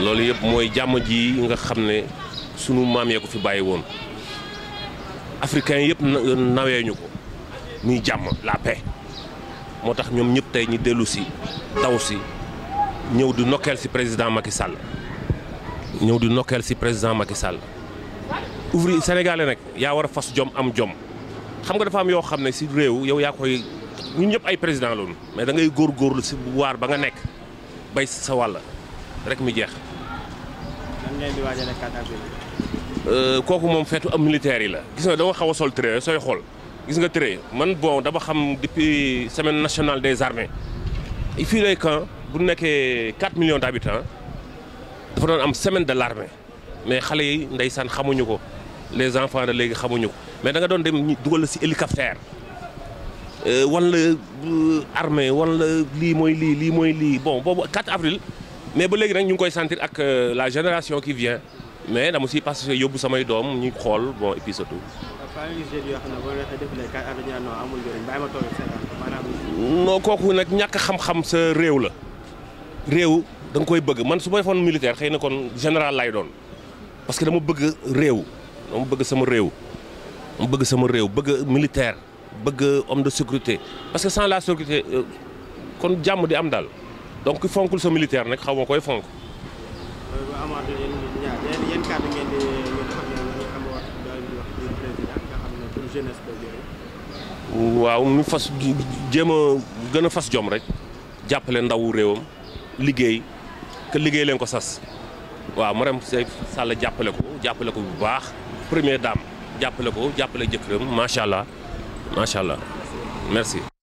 loolu yëpp mooy jàmm ji nga xam ne sunu maam yee ko fi bàyyi woon africain yëpp nawee ñu ko muy jàmm la paix moo tax ñoom ñëpp tey ñi dellu si taw si ñëw di nokkeel si président Macky Sall ñëw di nokkeel si président Macky Sall ouvrier sénégalais nag yaa war a fas jom am jom xam nga dafa am yoo xam ne si réew yow yaa koy ñu ñëpp ay président loolu mais da ngay góorlu si bu waar ba nga nekk bay sa wàll rek mi jeex nan euh, kooku moom feetu am militaire yi la gis nga dama xaw a sol trait sooy xool gis nga trait man bon dama xam depuis semaine nationale des armées fii lay camp bu nekkee 4 millions d' habitants dafa doon am semaine de l' armée mais xale yi ndeysaan xamuñu ko les enfants de léegi xamuñu ko mais da nga doon dem dugal la si hélicoptère. Euh, wala euh, armée wala lii mooy lii lii mooy lii bon boobu 4 avril. mais ba léegi nag ñu ngi koy sentir ak euh, la génération qui vient mais dama si parce que yóbbu samay doom ñu xool bon et puis surtout. kooku nag ñàkk xam-xam sa réew la réew da koy bëgg man su ma defoon militaire xëy na kon général lay doon parce que dama bëgg réew dama bëgg sama réew dama bëgg sama réew bëgg militaire bëgg homme de sécurité parce que sans la sécurité euh, kon jàmm di am daal. donc ku fonkul sa militaire nag xaw ma koy fonk. waaw ñu fas jéem a gën a fas jom rek jàppale ndawu réewam liggéey que liggéey leen ko sas waaw Marème Faye Sall jàppale ko jàppale ko bu baax premier daam jàppale ko jàppale jëkkëram macha allah macha allah merci.